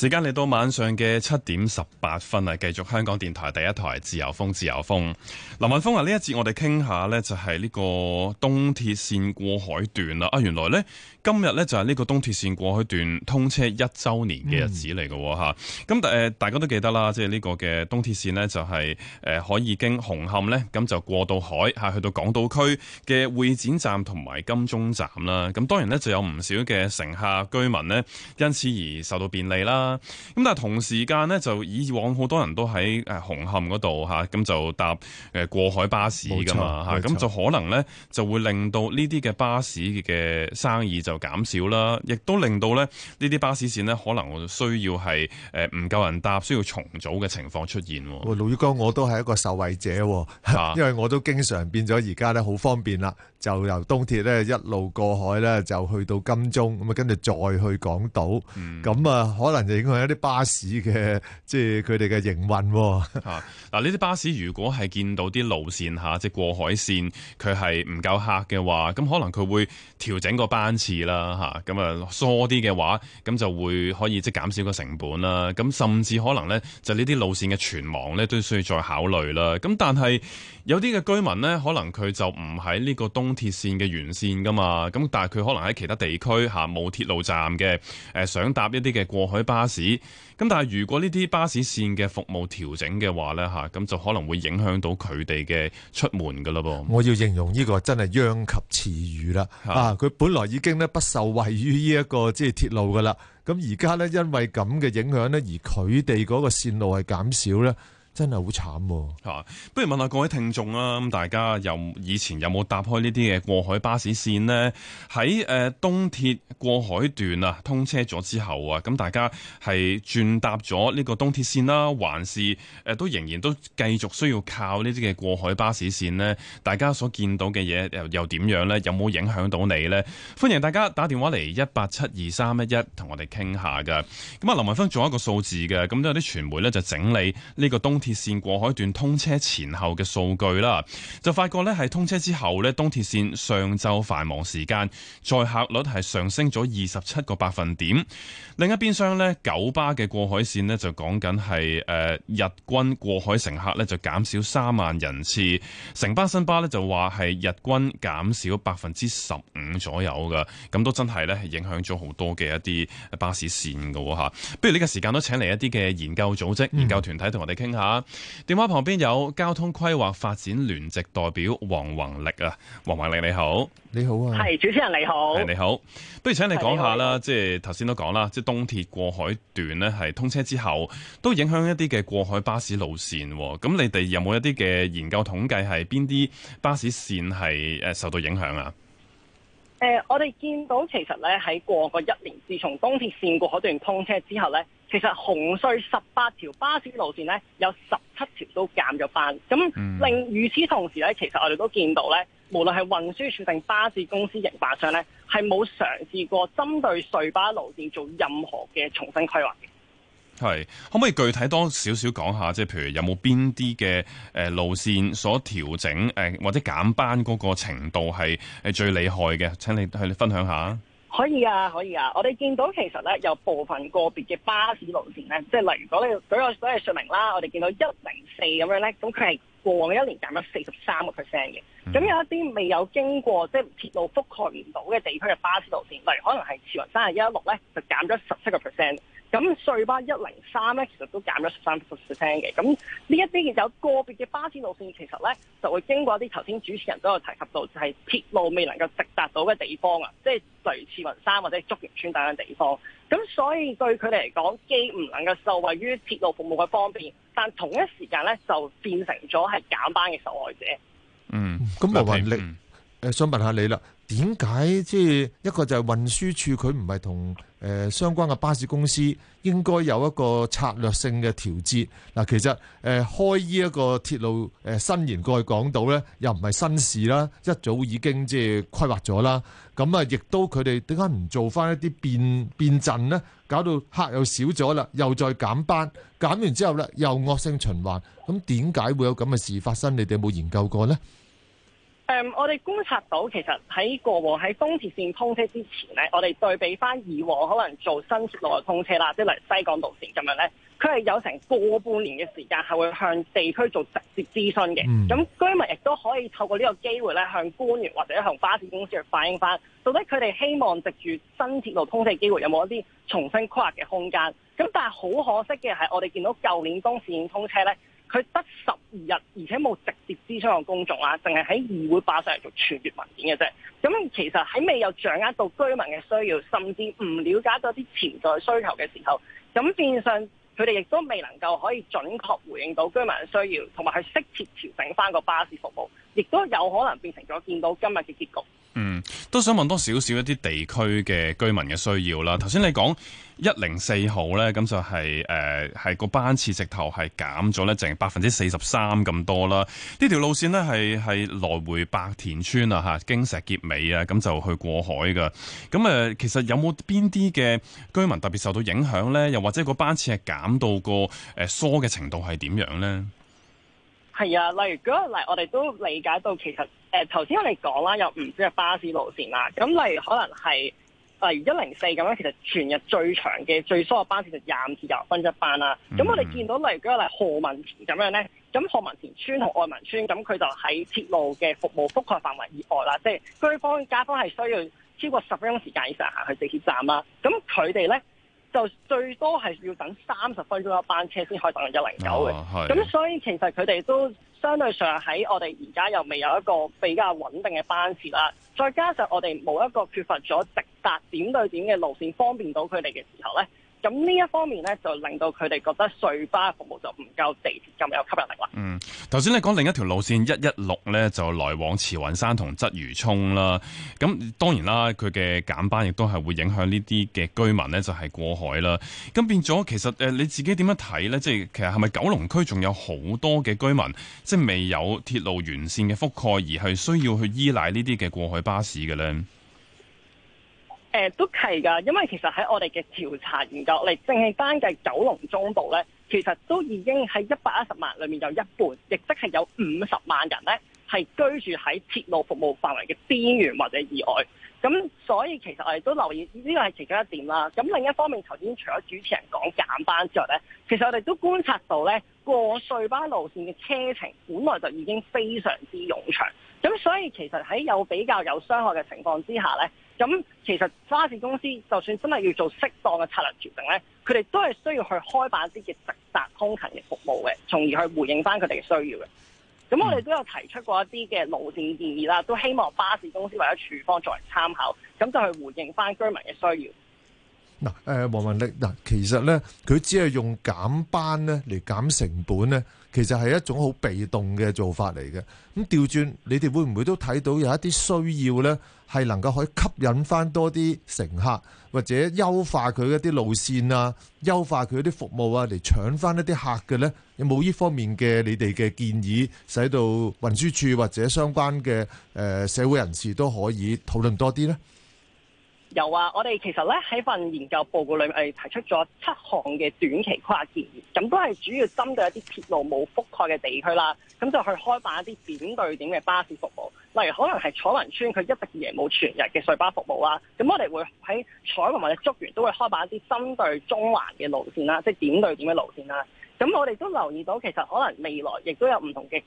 時間嚟到晚上嘅七點十八分啊！繼續香港電台第一台自由風，自由風。林文峰啊，呢一節我哋傾下呢就係呢個東鐵線過海段啦。啊，原來呢，今日呢就係呢個東鐵線過海段通車一週年嘅日子嚟嘅喎。咁、嗯呃、大家都記得啦，即係呢個嘅東鐵線呢，就係呃可以經紅磡呢咁就過到海去到港島區嘅會展站同埋金鐘站啦。咁當然呢，就有唔少嘅乘客居民呢，因此而受到便利啦。咁但係同時間咧，就以往好多人都喺誒紅磡嗰度吓，咁就搭誒過海巴士噶嘛吓，咁錯就可能咧就會令到呢啲嘅巴士嘅生意就減少啦，錯亦都令到咧呢啲巴士線呢，可能我就需要係誒唔夠人搭，需要重組嘅情況出現。陸宇哥，我都係一個受惠者，因為我都經常變咗而家咧好方便啦，就由東鐵咧一路過海咧就去到金鐘，咁啊跟住再去港島，咁啊、嗯、可能就。影響一啲巴士嘅，即係佢哋嘅營運。嗱，呢啲巴士如果係見到啲路線吓、啊，即係過海線，佢係唔夠客嘅話，咁可能佢會調整個班次啦，吓咁啊，疏啲嘅話，咁就會可以即係減少個成本啦。咁、啊、甚至可能咧，就呢啲路線嘅存亡咧，都需要再考慮啦。咁、啊、但係有啲嘅居民咧，可能佢就唔喺呢個東鐵線嘅沿線噶嘛，咁、啊、但係佢可能喺其他地區吓冇鐵路站嘅，誒、啊、想搭一啲嘅過海巴。巴士咁，但係如果呢啲巴士線嘅服務調整嘅話呢，吓咁就可能會影響到佢哋嘅出門噶啦噃。我要形容呢個真係殃及池魚啦，啊，佢本來已經咧不受惠於呢一個即係鐵路噶啦，咁而家呢，因為咁嘅影響呢，而佢哋嗰個線路係減少呢。真係好慘，吓、啊、不如問下各位聽眾啊，咁大家又以前有冇搭開呢啲嘅過海巴士線咧？喺誒東鐵過海段啊，通車咗之後啊，咁大家係轉搭咗呢個東鐵線啦、啊，還是誒都、呃、仍然都繼續需要靠呢啲嘅過海巴士線咧？大家所見到嘅嘢又又點樣咧？有冇影響到你咧？歡迎大家打電話嚟一八七二三一一同我哋傾下噶咁啊，林文峯仲有一個數字嘅，咁都有啲傳媒咧就整理呢個東鐵。綫過海段通車前後嘅數據啦，就發覺呢係通車之後呢東鐵綫上晝繁忙時間載客率係上升咗二十七個百分點。另一邊廂呢，九巴嘅過海綫呢就講緊係誒日均過海乘客呢就減少三萬人次，城巴、新巴呢就話係日均減少百分之十五左右噶。咁都真係呢係影響咗好多嘅一啲巴士綫噶吓。不如呢個時間都請嚟一啲嘅研究組織、研究團體同我哋傾下。嗯電話旁邊有交通規劃發展聯席代表黃弘曆啊，黃弘曆你好。你好啊。係主持人你好，你好，不如請你講下啦，即係頭先都講啦，即係東鐵過海段呢係通車之後，都影響一啲嘅過海巴士路線，咁你哋有冇一啲嘅研究統計係邊啲巴士線係誒受到影響啊？誒、呃，我哋見到其實咧喺過個一年，自從東鐵線過海段通車之後咧。其實紅隧十八條巴士路線呢，嗯，有十七條都減咗班。咁，另與此同時呢，其實我哋都見到呢，無論係運輸署定巴士公司營辦商呢，係冇嘗試過針對隧巴路線做任何嘅重新規劃嘅。係，可唔可以具體多少少講下？即係譬如有冇邊啲嘅誒路線所調整誒，或者減班嗰個程度係誒最厲害嘅？請你去分享下。可以啊，可以啊。我哋見到其實咧，有部分個別嘅巴士路線咧，即係例如如果你舉個嗰個説明啦，我哋見到一零四咁樣咧，咁佢係過往一年減咗四十三個 percent 嘅。咁、嗯、有一啲未有經過即係鐵路覆蓋唔到嘅地區嘅巴士路線，例如可能係慈雲山啊、一一六咧，就減咗十七個 percent。咁隧巴一零三咧，其實都減咗十三嘅。咁呢一啲就有個別嘅巴士路線，其實咧就會經過啲頭先主持人都有提及到，就係鐵路未能夠直達到嘅地方啊，即係例如慈雲山或者竹園邨等嘅地方。咁所以對佢哋嚟講，既唔能夠受惠於鐵路服務嘅方便，但同一時間咧就變成咗係減班嘅受害者。嗯，咁咪唔力。嗯誒，想問下你啦，點解即係一個就係運輸處佢唔係同誒相關嘅巴士公司應該有一個策略性嘅調節嗱？其實誒開呢一個鐵路誒新延過去港島咧，又唔係新事啦，一早已經即係規劃咗啦。咁啊，亦都佢哋點解唔做翻一啲變變陣咧？搞到客又少咗啦，又再減班，減完之後咧又惡性循環。咁點解會有咁嘅事發生？你哋有冇研究過咧？誒，um, 我哋觀察到其實喺過往喺東鐵線通車之前咧，我哋對比翻以往可能做新鐵路嘅通車啦，即係例如西港島線咁樣咧，佢係有成過半年嘅時間係會向地區做直接諮詢嘅。咁、嗯、居民亦都可以透過呢個機會咧，向官員或者向巴士公司去反映翻，到底佢哋希望藉住新鐵路通車機會有冇一啲重新規劃嘅空間。咁但係好可惜嘅係，我哋見到舊年東鐵線通車咧，佢得十二日，而且冇直接諮詢個公眾啦，淨係喺議會巴士嚟做傳閱文件嘅啫。咁其實喺未有掌握到居民嘅需要，甚至唔了解到啲潛在需求嘅時候，咁變相佢哋亦都未能夠可以準確回應到居民嘅需要，同埋去適切調整翻個巴士服務。亦都有可能變成咗，見到今日嘅結局。嗯，都想問多少少一啲地區嘅居民嘅需要啦。頭先你講一零四號咧，咁就係誒係個班次直頭係減咗咧，淨係百分之四十三咁多啦。呢條路線呢，係係來回白田村啊，嚇，經石硤尾啊，咁就去過海㗎。咁誒、呃，其實有冇邊啲嘅居民特別受到影響咧？又或者個班次係減到、個誒疏嘅程度係點樣咧？係啊，例如嗰個例，我哋都理解到其實，誒頭先我哋講啦，有唔少嘅巴士路線啦，咁例如可能係誒一零四咁樣，其實全日最長嘅最疏嘅巴士，就廿五至廿分一班啦。咁、嗯、我哋見到例如嗰個例何文田咁樣咧，咁何文田村同愛民村，咁佢就喺鐵路嘅服務覆蓋範圍以外啦，即、就、係、是、居方街坊係需要超過十分鐘時間以上行去地鐵站啦。咁佢哋咧。就最多係要等三十分鐘一班車先可以等一零九嘅，咁、哦、所以其實佢哋都相對上喺我哋而家又未有一個比較穩定嘅班次啦。再加上我哋冇一個缺乏咗直達點對點嘅路線，方便到佢哋嘅時候呢。咁呢一方面呢，就令到佢哋覺得隧巴服務就唔夠地鐵咁有吸引力啦。嗯，頭先你講另一條路線一一六呢，就來往慈雲山同鰂魚涌啦。咁當然啦，佢嘅減班亦都係會影響呢啲嘅居民呢，就係、是、過海啦。咁變咗其實、呃、你自己點樣睇呢？即、就、係、是、其實係咪九龍區仲有好多嘅居民，即係未有鐵路完善嘅覆蓋，而係需要去依賴呢啲嘅過海巴士嘅呢？誒、呃，都係噶因為其實喺我哋嘅調查研究嚟，淨係單計九龍中部咧，其實都已經喺一百一十萬裏面有一半，亦即係有五十萬人咧係居住喺鐵路服務範圍嘅邊緣或者以外。咁所以其實我哋都留意呢，呢個係其中一點啦。咁另一方面，頭先除咗主持人講減班之外咧，其實我哋都觀察到咧，過隧班路線嘅車程本來就已經非常之冗長。咁所以其實喺有比較有傷害嘅情況之下呢，咁其實巴士公司就算真係要做適當嘅策略調整呢，佢哋都係需要去開辦一啲嘅直達通勤嘅服務嘅，從而去回應翻佢哋嘅需要嘅。咁我哋都有提出過一啲嘅路線建議啦，都希望巴士公司或者署方作為參考，咁就去回應翻居民嘅需要。嗱，誒黃、呃、弘曆，嗱其實咧，佢只係用減班咧嚟減成本咧，其實係一種好被動嘅做法嚟嘅。咁調轉，你哋會唔會都睇到有一啲需要咧，係能夠可以吸引翻多啲乘客，或者優化佢一啲路線啊，優化佢一啲服務啊，嚟搶翻一啲客嘅咧？有冇依方面嘅你哋嘅建議，使到運輸處或者相關嘅誒、呃、社會人士都可以討論多啲咧？有啊，我哋其實咧喺份研究報告裏面提出咗七項嘅短期規劃建議，咁都係主要針對一啲鐵路冇覆蓋嘅地區啦，咁就去開辦一啲點對點嘅巴士服務，例如可能係彩雲村佢一直而家冇全日嘅隧巴服務啦，咁我哋會喺彩雲或者竹園都會開辦一啲針對中環嘅路線啦，即係點對點嘅路線啦，咁我哋都留意到其實可能未來亦都有唔同嘅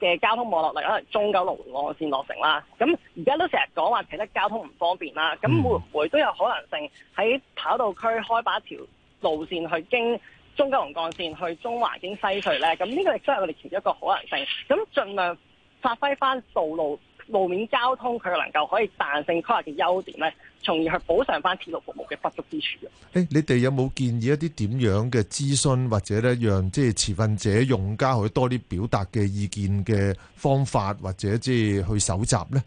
嘅交通網絡，例如可能中九龍幹線落成啦，咁而家都成日講話其他交通唔方便啦，咁會唔會都有可能性喺跑道區開把一條路線去經中九龍幹線去中環經西隧呢？咁呢個亦都係我哋其中一個可能性，咁盡量發揮翻道路路面交通佢能夠可以彈性規劃嘅優點呢。從而去補償翻鐵路服務嘅不足之處啊！誒，你哋有冇建議一啲點樣嘅諮詢或者咧，讓即係持份者用家可以多啲表達嘅意見嘅方法，或者即係去搜集呢？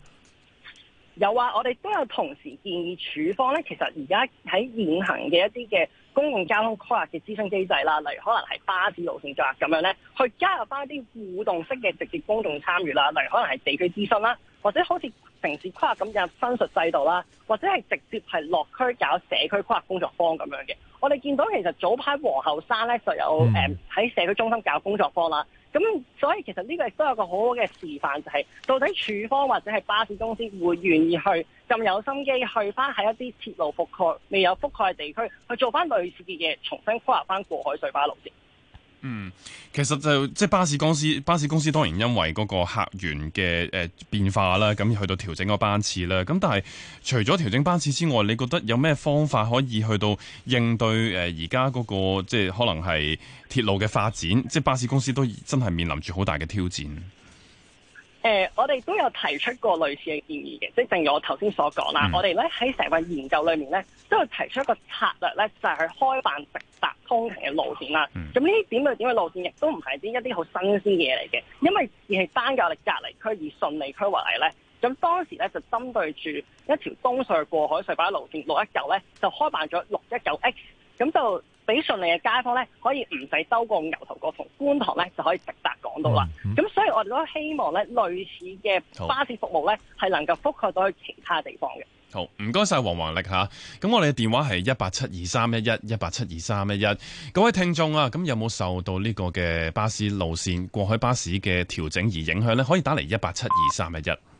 有啊，我哋都有同時建議處方咧。其實而家喺現行嘅一啲嘅公共交通規劃嘅諮詢機制啦，例如可能係巴士路線規劃咁樣咧，去加入翻一啲互動式嘅直接公眾參與啦，例如可能係地區諮詢啦，或者好似，城市規劃咁嘅分熟制度啦，或者係直接係落區搞社區規劃工作坊咁樣嘅。我哋見到其實早排皇后山咧就有喺、嗯呃、社區中心搞工作坊啦。咁所以其實呢個亦都有個好好嘅示範，就係、是、到底署方或者係巴士公司會願意去咁有心機去翻喺一啲鐵路覆蓋未有覆蓋嘅地區去做翻類似嘅嘢，重新規劃翻過海隧巴路線。嗯，其實就即巴士公司，巴士公司當然因為嗰個客源嘅，誒、呃、變化啦，咁去到調整個班次啦。咁但係除咗調整班次之外，你覺得有咩方法可以去到應對誒而家嗰個即係可能係鐵路嘅發展？即係巴士公司都真係面臨住好大嘅挑戰。誒、呃，我哋都有提出過類似嘅建議嘅，即係正如我頭先所講啦，嗯、我哋咧喺成個研究裏面咧，都有提出一個策略咧，就係、去、開辦直達通勤嘅路線啦。咁呢啲點對點嘅路線亦都唔係啲一啲好新鮮嘅嘢嚟嘅。因為是的而係單靠力隔離區而順利區為例咧，咁當時咧就針對住一條東隧過海隧巴路線六一九咧，就開辦咗六一九 X。咁就俾順利嘅街坊咧，可以唔使兜過牛頭角同觀塘咧，就可以直達港島啦。咁、嗯嗯、所以我哋都希望咧，類似嘅巴士服務咧，係能夠覆蓋到去其他地方嘅。好，唔該晒黃弘曆下。咁我哋嘅電話係一八七二三一一一八七二三一一。各位聽眾啊，咁有冇受到呢個嘅巴士路線過海巴士嘅調整而影響咧？可以打嚟一八七二三一一。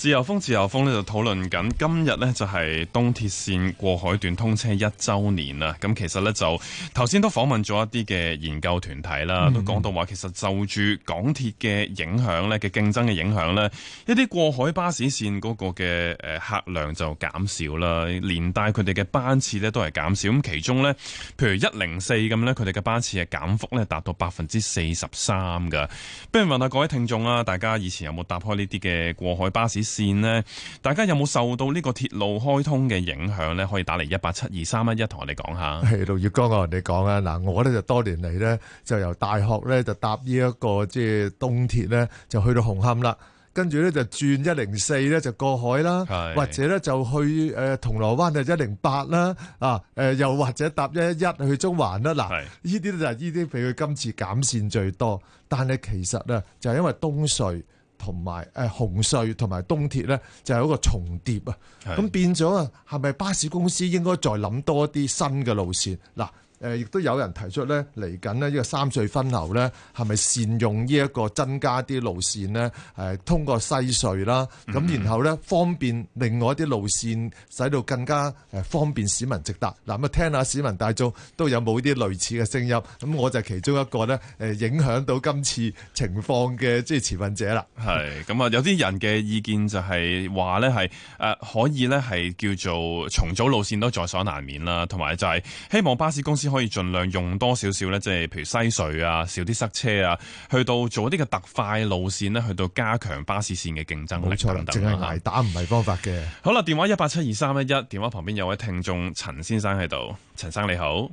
自由風，自由風呢就討論緊，今日呢就係東鐵線過海段通車一週年啦。咁其實呢，就頭先都訪問咗一啲嘅研究團體啦，嗯、都講到話其實就住港鐵嘅影響呢，嘅競爭嘅影響呢，一啲過海巴士線嗰個嘅誒客量就減少啦，連帶佢哋嘅班次呢都係減少。咁其中呢，譬如一零四咁呢，佢哋嘅班次嘅減幅呢達到百分之四十三㗎。不如問下各位聽眾啦，大家以前有冇搭開呢啲嘅過海巴士線？線咧，大家有冇受到呢個鐵路開通嘅影響咧？可以打嚟，一八七二三一一同我哋講下。係六月光同我哋講啊，嗱，我咧就多年嚟咧，就由大學咧，就搭呢一個即係東鐵咧，就去到紅磡啦，跟住咧，就轉一零四咧，就過海啦，是的 或者咧，就去誒銅鑼灣就一零八啦啊，誒、呃、又或者搭一一一去中環啦。嗱，呢啲咧，就係呢啲，畀佢今次減線最多，但係其實咧就係、是、因為東隧。同埋誒紅隧同埋東鐵咧，就係一個重疊啊！咁是的 變咗啊，係咪巴士公司應該再諗多啲新嘅路線嗱？誒亦都有人提出咧，嚟緊咧，呢個三隧分流咧，係咪善用呢一個增加啲路線咧？誒通過西隧啦，咁然後咧，方便另外一啲路線使到更加誒方便市民直達嗱，咁啊，聽下市民大眾都有冇啲類似嘅聲音？咁我就其中一個咧，誒影響到今次情況嘅即係持份者啦。係咁啊，有啲人嘅意見就係話咧，係誒、呃、可以咧，係叫做重組路線都在所難免啦，同埋就係希望巴士公司。可以儘量用多少少咧，即係譬如西隧啊，少啲塞車啊，去到做一啲嘅特快路線咧，去到加強巴士線嘅競爭力等等。淨係挨打唔係方法嘅。好啦，電話一八七二三一一，電話旁邊有位聽眾陳先生喺度。陳生你好，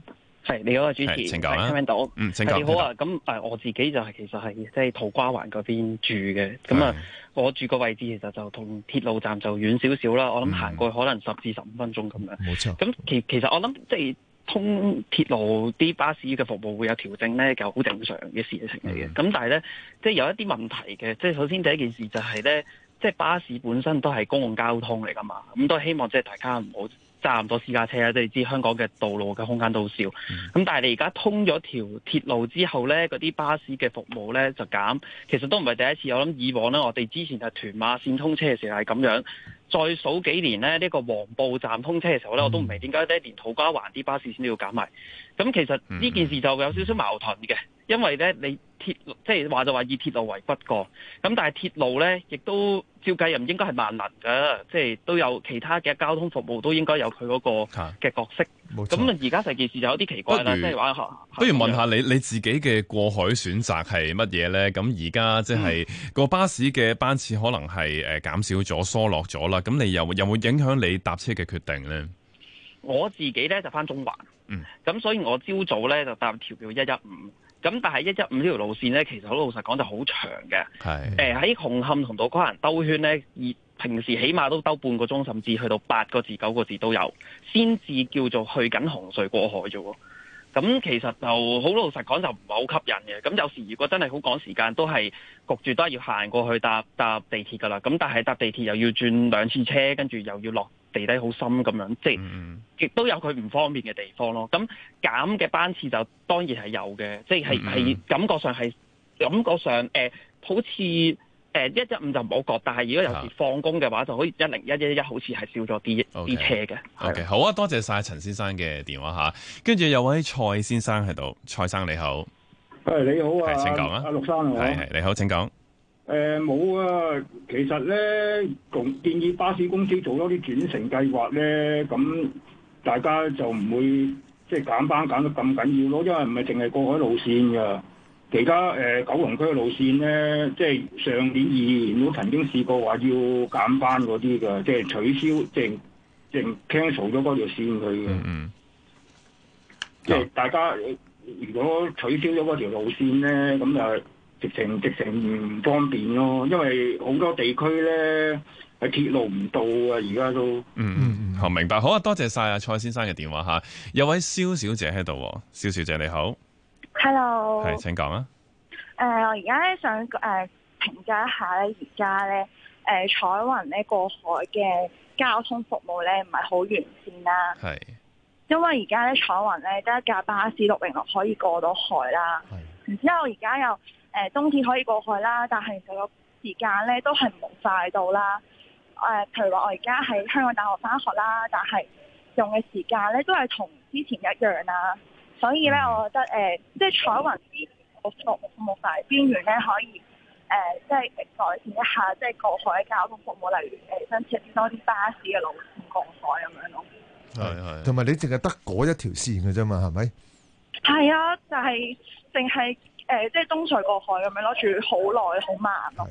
係你好啊，主持。請講啦，聽唔聽到？請講。你好啊，咁誒，我自己就係其實係即係土瓜灣嗰邊住嘅，咁啊是，我住個位置其實就同鐵路站就遠少少啦，嗯、我諗行過去可能十至十五分鐘咁樣。冇錯。咁其其實我諗即係。通鐵路啲巴士嘅服務會有調整呢，就好正常嘅事情嚟嘅。咁的但係呢，即係有一啲問題嘅。即係首先第一件事就係呢，即係巴士本身都係公共交通嚟㗎嘛，咁都希望即係大家唔好。差唔多私家車啦，即係知香港嘅道路嘅空間都好少，咁但係你而家通咗條鐵路之後呢，嗰啲巴士嘅服務呢就減，其實都唔係第一次。我諗以往呢，我哋之前就係屯馬線通車嘅時候係咁樣，再數幾年呢，呢個黃埔站通車嘅時候呢，我都唔明點解呢，連土瓜灣啲巴士線都要減埋。咁其實呢件事就有少少矛盾嘅。因為咧，你鐵路即係話就話、是、以鐵路為骨個咁，但係鐵路咧，亦都照計又唔應該係萬能㗎，即、就、係、是、都有其他嘅交通服務，都應該有佢嗰個嘅角色。冇錯。咁而家成件事就有啲奇怪啦，即係話不如不如問下你你自己嘅過海選擇係乜嘢咧？咁而家即係個巴士嘅班次可能係誒減少咗、疏落咗啦。咁你又又有冇影響你搭車嘅決定咧？我自己咧就返中環，嗯，咁所以我朝早咧就搭條票一一五。咁但係一一五呢條路線呢，其實好老實講就好長嘅。喺紅的、呃、磡同到加行兜圈呢，而平時起碼都兜半個鐘，甚至去到八個字九個字都有，先至叫做去緊紅隧過海啫喎。咁其實就好老實講就唔係好吸引嘅。咁有時如果真係好趕時間，都係焗住都係要行過去搭搭地鐵㗎啦。咁但係搭地鐵又要轉兩次車，跟住又要落。地底好深咁樣，即係亦都有佢唔方便嘅地方咯。咁減嘅班次就當然係有嘅，即係係感覺上係感覺上誒、呃，好似誒一一五就唔好覺，但係如果有時放工嘅話，的就好似一零一一一，好似係少咗啲啲車嘅。OK，好啊，多謝晒陳先生嘅電話嚇，跟住有位蔡先生喺度，蔡生你好，誒你好啊，請講啊，阿、啊、陸生你好，請講。誒，冇、呃、啊！其實咧，同建議巴士公司做多啲轉乘計劃咧，咁大家就唔會即係、就是、減班減得咁緊要咯，因為唔係淨係過海路線噶，其他誒、呃、九龍區嘅路線咧，即、就、係、是、上年、二年都曾經試過話要減班嗰啲噶，即、就、係、是、取消，即、就、係、是、即係 cancel 咗嗰條線佢嘅，即係、嗯嗯、大家如果取消咗嗰條路線咧，咁就。直情直情唔方便咯，因為好多地區咧喺鐵路唔到啊，而家都嗯嗯嗯，好明白，好啊，多謝晒啊蔡先生嘅電話吓，有位蕭小姐喺度，蕭小姐你好，Hello，係，請講啊，誒、呃，我而家咧想誒評價一下咧，而家咧誒彩雲咧過海嘅交通服務咧唔係好完善啦，係是，因為而家咧彩雲咧得一架巴士六零六可以過到海啦，係是，然之後而家又。誒東鐵可以過海啦，但係其實個時間咧都係唔快到啦。誒、呃，譬如話我而家喺香港大學返學啦，但係用嘅時間咧都係同之前一樣啦。所以咧，我覺得誒，即係彩雲呢個服務服務範圍邊緣咧，可以誒，即、呃、係、就是、改善一下，即、就、係、是、過海交通服務，例如誒，增、呃、加多啲巴士嘅路線過海咁樣。係係、嗯，同埋你淨係得嗰一條線嘅啫嘛，係咪？係啊，就係淨係。誒、呃，即係東隧過海咁樣，攞住好耐，好慢咯。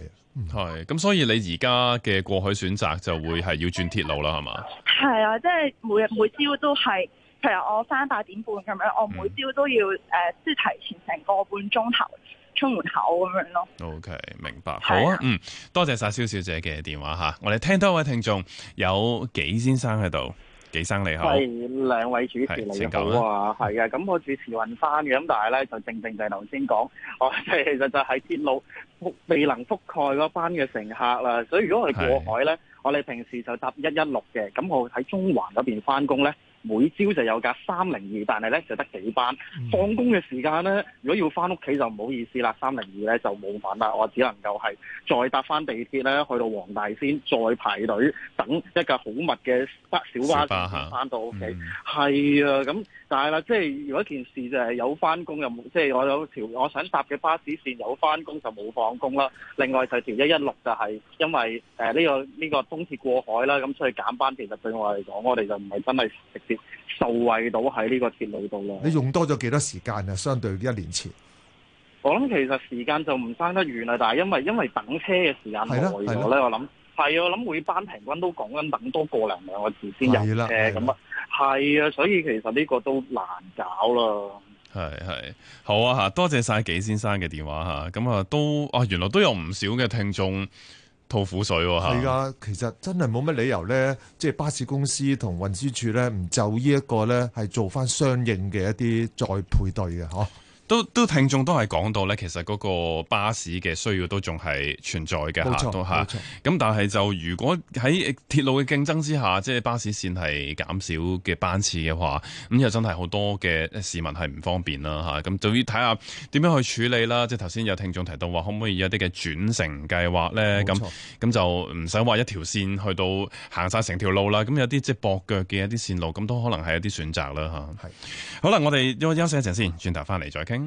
係係。咁所以你而家嘅過海選擇就會係要轉鐵路啦，係嘛？係啊，即係每日每朝都係，譬如我翻八點半咁樣，我每朝都要誒，即係、嗯呃、提前成個半鐘頭出門口咁樣咯。OK，明白。好啊，的嗯，多謝晒蕭小姐嘅電話吓，我哋聽多位聽眾有紀先生喺度。紀生你好，係兩位主持嚟嘅。哇是，係啊好，咁我主持暈翻嘅，咁但係咧就正正就係頭先講，我其實就係鐵路未能覆蓋嗰班嘅乘客啦，所以如果我哋過海咧，是我哋平時就搭一一六嘅，咁我喺中環嗰邊翻工咧。每朝就有架302，但係咧就得幾班。放工嘅時間咧，如果要翻屋企就唔好意思啦。302咧就冇班，但我只能夠係再搭翻地鐵咧去到黃大仙，再排隊等一架好密嘅小巴先翻到屋企。係、嗯、啊，咁。但係啦，即係如果件事就係有返工又冇，即係我有條我想搭嘅巴士線有返工就冇放工啦。另外就係條一一六就係、係、因為誒呢、呃呢個呢、呢個東鐵過海啦，咁、嗯、所以減班其實對我嚟講，我哋就唔係真係直接受惠到喺呢個鐵路度啦。你用多咗幾多時間啊？相對一年前，我諗其實時間就唔差得遠啦，但係因為因為等車嘅時間係耐咗咧，我諗係啊，我諗每班平均都講緊等多個零兩個字先入車咁啊。係啊，所以其實呢個都難搞咯。係係，好啊吓，多謝晒紀先生嘅電話吓。咁啊，都哦，原來都有唔少嘅聽眾吐苦水喎。係啊，其實真係冇乜理由咧，即係巴士公司同運輸處咧，唔就呢一個咧，係做翻相應嘅一啲再配對嘅嗬。啊都都，都聽眾都係講到咧，其實嗰個巴士嘅需要都仲係存在嘅吓，都吓，咁但係就如果喺鐵路嘅競爭之下，嗯、即係巴士綫係減少嘅班次嘅話，咁又真係好多嘅市民係唔方便啦吓，咁就要睇下點樣去處理啦。即係頭先有聽眾提到話可唔可以有一啲嘅轉乘計劃咧？咁咁錯就唔使話一條綫去到行晒成條路啦。咁有啲即係駁腳嘅一啲綫路，咁都可能係一啲選擇啦吓，係好啦，是好，我哋休息一陣先，轉頭翻嚟再傾。